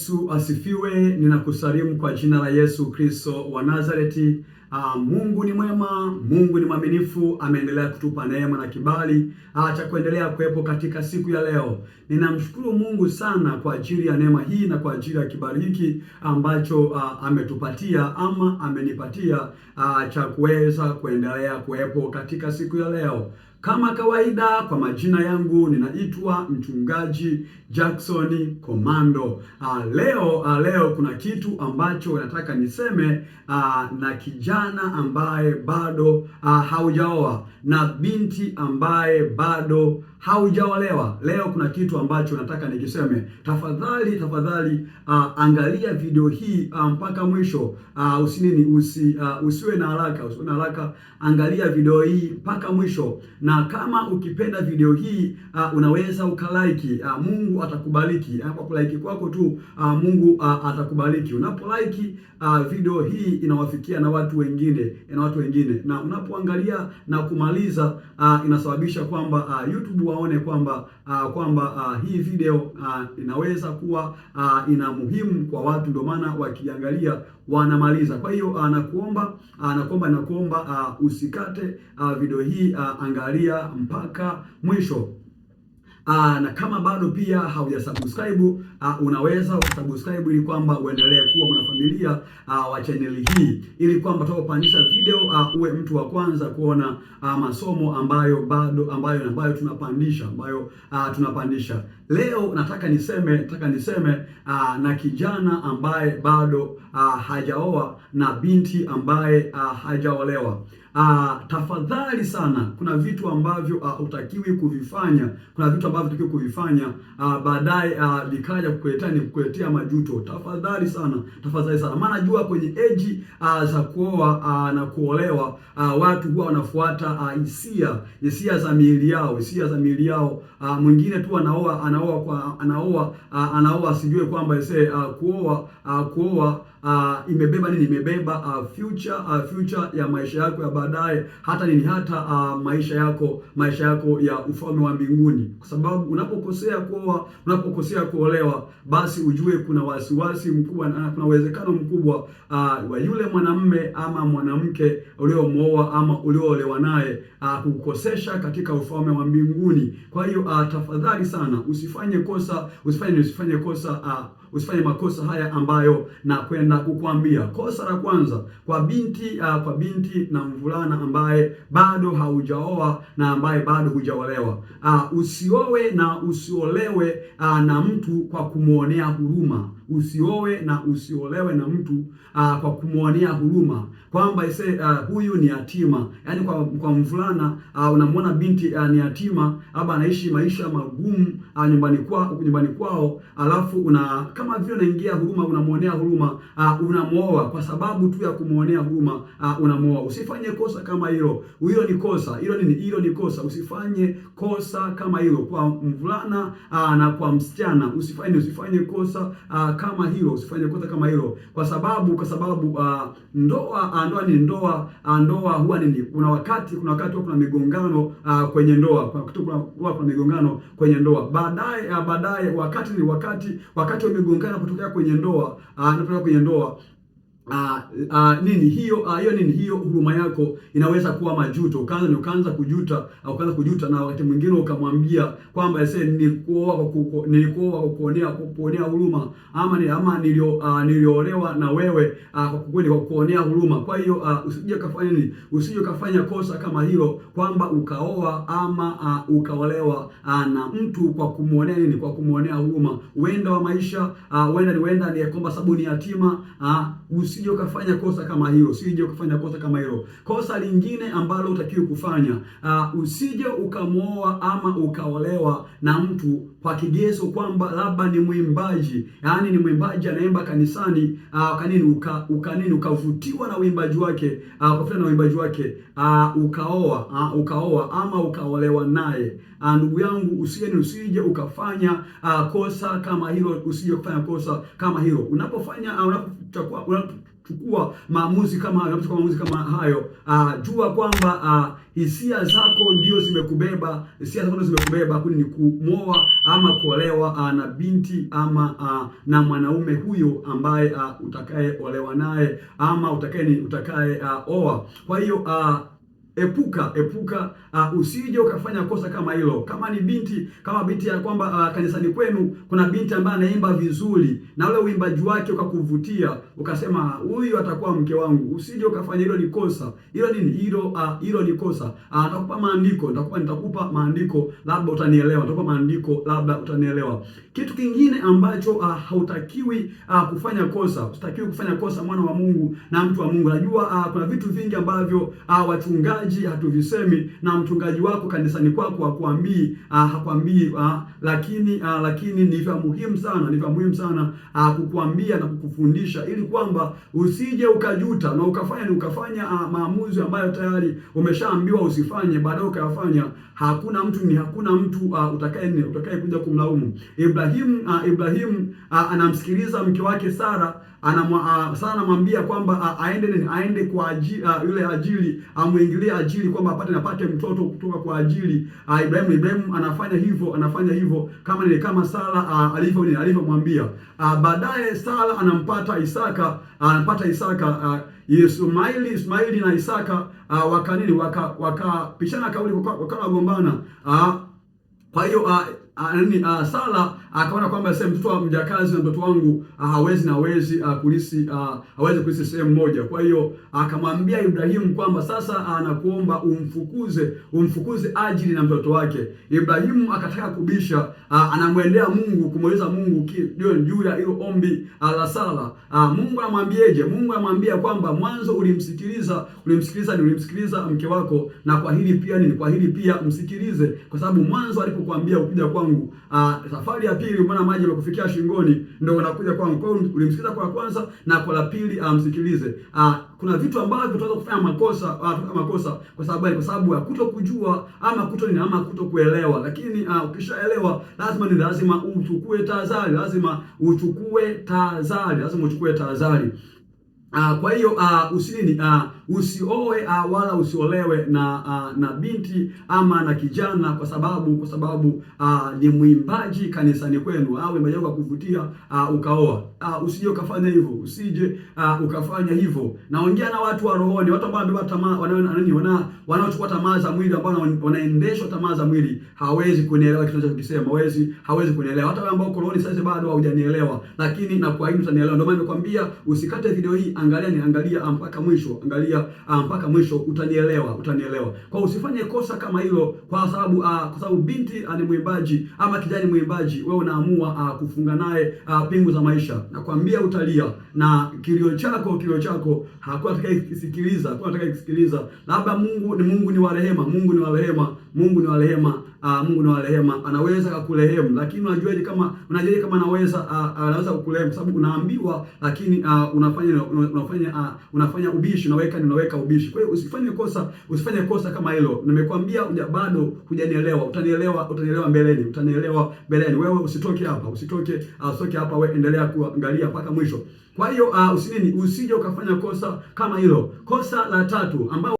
Yesu asifiwe. Ninakusalimu kwa jina la Yesu Kristo wa Nazareti. Aa, ah, Mungu ni mwema, Mungu ni mwaminifu, ameendelea kutupa neema na kibali ah, cha kuendelea kuwepo katika siku ya leo. Ninamshukuru Mungu sana kwa ajili ya neema hii na kwa ajili ya kibali hiki ambacho aa, ah, ametupatia ama amenipatia cha kuweza kuendelea kuwepo katika siku ya leo. Kama kawaida kwa majina yangu ninaitwa mchungaji Jackson Komando. leo leo kuna kitu ambacho nataka niseme na kijana mvulana ambaye bado uh, haujaoa na binti ambaye bado haujaolewa, leo kuna kitu ambacho nataka nikiseme. Tafadhali tafadhali, uh, angalia video hii uh, mpaka mwisho. Uh, usinini usi, uh, usiwe na haraka, usiwe na haraka, angalia video hii mpaka mwisho, na kama ukipenda video hii uh, unaweza ukalaiki. Uh, Mungu atakubariki kwa kulaiki kwako tu. Uh, Mungu uh, atakubariki unapo uh, video hii inawafikia na watu wengi wengine eh, na watu wengine, na unapoangalia na kumaliza uh, inasababisha kwamba uh, YouTube waone kwamba uh, kwamba uh, hii video uh, inaweza kuwa uh, ina muhimu kwa watu, ndio maana wakiangalia wanamaliza. Kwa hiyo anakuomba anakuomba nakuomba, uh, usikate uh, video hii uh, angalia mpaka mwisho. Aa, ah, na kama bado pia haujasubscribe uh, unaweza usubscribe ili kwamba uendelee kuwa mwanafamilia uh, wa chaneli hii ili kwamba tunapopandisha video uh, uwe mtu wa kwanza kuona uh, masomo ambayo bado ambayo ambayo tunapandisha ambayo uh, tunapandisha. Leo nataka niseme nataka niseme uh, na kijana ambaye bado uh, hajaoa na binti ambaye uh, hajaolewa. Uh, tafadhali sana, kuna vitu ambavyo ah, hutakiwi uh, kuvifanya. Kuna vitu ambavyo hutakiwi kuvifanya uh, baadaye vikaja likaja kukuletea ni kukuletea majuto. Tafadhali sana, tafadhali sana, maana jua kwenye eji uh, za kuoa uh, na kuolewa uh, watu huwa wanafuata hisia uh, hisia za miili yao, hisia za miili yao. Uh, mwingine tu anaoa anaoa kwa anaoa uh, anaoa sijue kwamba ise uh, kuoa uh, kuoa uh, imebeba nini? Imebeba uh, future uh, future ya maisha yako ya baadaye, hata nini, hata uh, maisha yako maisha yako ya ufalme wa mbinguni, kwa sababu unapokosea kuoa, unapokosea kuolewa, basi ujue kuna wasiwasi mkubwa na kuna uwezekano mkubwa uh, wa yule mwanamme ama mwanamke uliomwoa ama ulioolewa naye uh, kukosesha katika ufalme wa mbinguni. Kwa hiyo uh, tafadhali sana usifanye kosa, usifanye usifanye kosa uh, usifanye makosa haya ambayo nakwenda kukwambia. Kosa la kwanza kwa binti uh, kwa binti na mvulana ambaye bado haujaoa na ambaye bado hujaolewa uh, ah, usiowe na usiolewe uh, na mtu kwa kumwonea huruma usioe na usiolewe na mtu aa, ah, kwa kumwonea huruma kwamba ise uh, huyu ni yatima. Yaani kwa, kwa mvulana uh, unamwona binti uh, ni yatima aba anaishi maisha magumu uh, nyumbani kwa nyumbani kwao, alafu una kama vile unaingia huruma, unamwonea huruma uh, unamwoa kwa sababu tu ya kumwonea huruma uh, unamwoa. Usifanye kosa kama hilo, hilo ni kosa. Hilo ni Hilo ni kosa. Usifanye kosa kama hilo kwa mvulana uh, na kwa msichana, usifanye usifanye kosa uh, kama hilo, usifanye kosa kama hilo, kwa sababu kwa sababu uh, ndoa ah, ndoa ni ndoa ah, ndoa huwa nini, kuna wakati kuna wakati kuna migongano uh, kwenye ndoa kuna, huwa kuna migongano kwenye ndoa baadaye uh, baadaye wakati ni wakati wakati wa migongano kutokea kwenye ndoa uh, kwenye ndoa Uh, uh, nini hiyo uh, hiyo nini hiyo huruma yako inaweza kuwa majuto, ukaanza ni ukaanza kujuta au ukaanza kujuta, na wakati mwingine ukamwambia kwamba sasa nilikuoa nilikuoa kuonea kuonea huruma ama ni, ama nilio uh, niliolewa na wewe uh, kwa kweli kwa kuonea huruma. Kwa hiyo uh, usije kafanya nini, usije kafanya kosa kama hilo kwamba ukaoa ama uh, ukaolewa uh, na mtu kwa kumuonea nini, kwa kumuonea huruma. Uenda wa maisha uh, uenda ni uenda ni kwamba sabuni yatima uh, usi usije ukafanya kosa kama hilo, usije ukafanya kosa kama hilo. Kosa lingine ambalo utakiwa kufanya uh, usije ukamwoa ama ukaolewa na mtu kwa kigezo kwamba labda ni mwimbaji, yaani ni mwimbaji anaimba kanisani uh, kanini uka, uka nini ukavutiwa na uimbaji wake uh, kwa na uimbaji wake uh, ukaoa uh, ukaoa ama ukaolewa naye uh, ndugu yangu usije usije ukafanya uh, kosa kama hilo, usije kufanya kosa kama hilo unapofanya uh, unapo, chukua maamuzi kama hayo, maamuzi kama hayo. Uh, jua kwamba uh, hisia zako ndio zimekubeba, hisia zako ndio zimekubeba, kuni ni kumoa ama kuolewa uh, na binti ama uh, na mwanaume huyo ambaye uh, olewa naye ama utakaye utakaye uh, oa. Kwa hiyo uh, Epuka, epuka uh, usije ukafanya kosa kama hilo. Kama ni binti, kama binti ya kwamba uh, kanisani kwenu kuna binti ambaye anaimba vizuri na ule uimbaji wake ukakuvutia, ukasema ah, huyu atakuwa mke wangu, usije ukafanya hilo. Ni kosa hilo. Nini hilo? Hilo uh, ni kosa uh, nitakupa maandiko, nitakupa nitakupa maandiko, labda utanielewa, nitakupa maandiko, labda utanielewa. Kitu kingine ambacho uh, hautakiwi uh, kufanya kosa, usitakiwi kufanya kosa, mwana wa Mungu na mtu wa Mungu. Najua uh, kuna vitu vingi ambavyo uh, wachungaji wachungaji hatuvisemi na mchungaji wako kanisani kwako hakuambii ah, hakuambii, ah, lakini a, ah, lakini ni vya muhimu sana, ni vya muhimu sana ah, kukuambia na kukufundisha ili kwamba usije ukajuta na ukafanya ni ukafanya a, maamuzi ambayo tayari umeshaambiwa usifanye, baadaye ukayafanya. Hakuna mtu ni hakuna mtu utakaye nne utakaye kuja kumlaumu Ibrahimu. A, Ibrahimu ah, anamsikiliza mke wake Sara anamwa, ah, Sara anamwambia kwamba ah, aende aende kwa aji, ah, yule ajili amwingilie ile ajili kwamba apate napate mtoto kutoka kwa ajili uh, Ibrahim. anafanya hivyo anafanya hivyo kama ile kama Sara uh, alivyo ni alivyomwambia. Uh, baadaye Sara anampata Isaka uh, anampata Isaka uh, Ismaili Ismaili na Isaka uh, wakanini wakapishana kauli wakawagombana waka uh, kwa hiyo uh, Ah, nini uh, ah, Sara ah, akaona uh, kwamba sasa mtoto wa mjakazi na mtoto wangu uh, hawezi na hawezi kulisi uh, hawezi kulisi sehemu moja. Kwa hiyo akamwambia uh, Ibrahimu kwamba sasa anakuomba uh, umfukuze umfukuze ajili na mtoto wake. Ibrahimu akataka kubisha, uh, anamwendea Mungu kumweleza Mungu juu ya hilo ombi uh, la Sara. Mungu anamwambieje? Mungu anamwambia kwamba mwanzo ulimsikiliza ulimsikiliza ni ulimsikiliza mke wako, na kwa hili pia ni kwa hili pia msikilize, kwa sababu mwanzo alipokuambia ukija kwangu kwangu. Ah, safari ya pili maana maji yanakufikia shingoni ndio unakuja kwangu. Kwa hiyo ulimsikiliza kwa kwanza na kwa la pili amsikilize. Ah, ah, kuna vitu ambavyo tunaweza kufanya makosa, uh, makosa kwa sababu kwa sababu ya kutokujua ama kutoni ama kutokuelewa. Lakini ukishaelewa lazima ni lazima uchukue tahadhari, lazima uchukue tahadhari, lazima uchukue tahadhari. Uh, kwa hiyo uh, usini uh, usioe uh, wala usiolewe na uh, na binti ama na kijana, kwa sababu kwa sababu uh, ni mwimbaji kanisani kwenu au uh, mwimbaji wa kuvutia uh, ukaoa uh, usije ukafanya hivyo, usije uh, ukafanya hivyo. Naongea na watu wa rohoni, watu ambao wamebeba tamaa, wana wanaochukua tamaa za mwili, ambao wanaendeshwa tamaa za mwili. Hawezi kunielewa kitu ninachokisema, hawezi hawezi kunielewa. Hata wale ambao koloni sasa bado haujanielewa, lakini na kwa hiyo utanielewa. Ndio maana nimekwambia usikate video hii, angalia ni angalia mpaka mwisho, angalia kuanzia ah, mpaka mwisho, utanielewa, utanielewa. Kwa usifanye kosa kama hilo, kwa sababu ah, kwa sababu binti ah, ni mwimbaji ama kijana mwimbaji, wewe unaamua kufunga naye pingu za maisha, nakwambia utalia, na kilio chako kilio chako hakuna atakayesikiliza, hakuna atakayesikiliza. Labda Mungu ni Mungu ni wa rehema, Mungu ni wa rehema, Mungu ni wa rehema uh, Mungu ni wa rehema, anaweza kukurehemu, lakini unajua unajuaje kama unajua kama anaweza uh, anaweza kukurehemu? Sababu unaambiwa, lakini uh, unafanya unafanya uh, unafanya ubishi, unaweka unaweka ubishi. Kwa hiyo usifanye kosa, usifanye kosa kama hilo. Nimekwambia uja bado hujanielewa, utanielewa, utanielewa mbeleni, utanielewa mbeleni. Wewe usitoke hapa, usitoke uh, usitoke hapa, wewe endelea kuangalia mpaka mwisho. Kwa hiyo uh, usinini usije ukafanya kosa kama hilo. Kosa la tatu ambao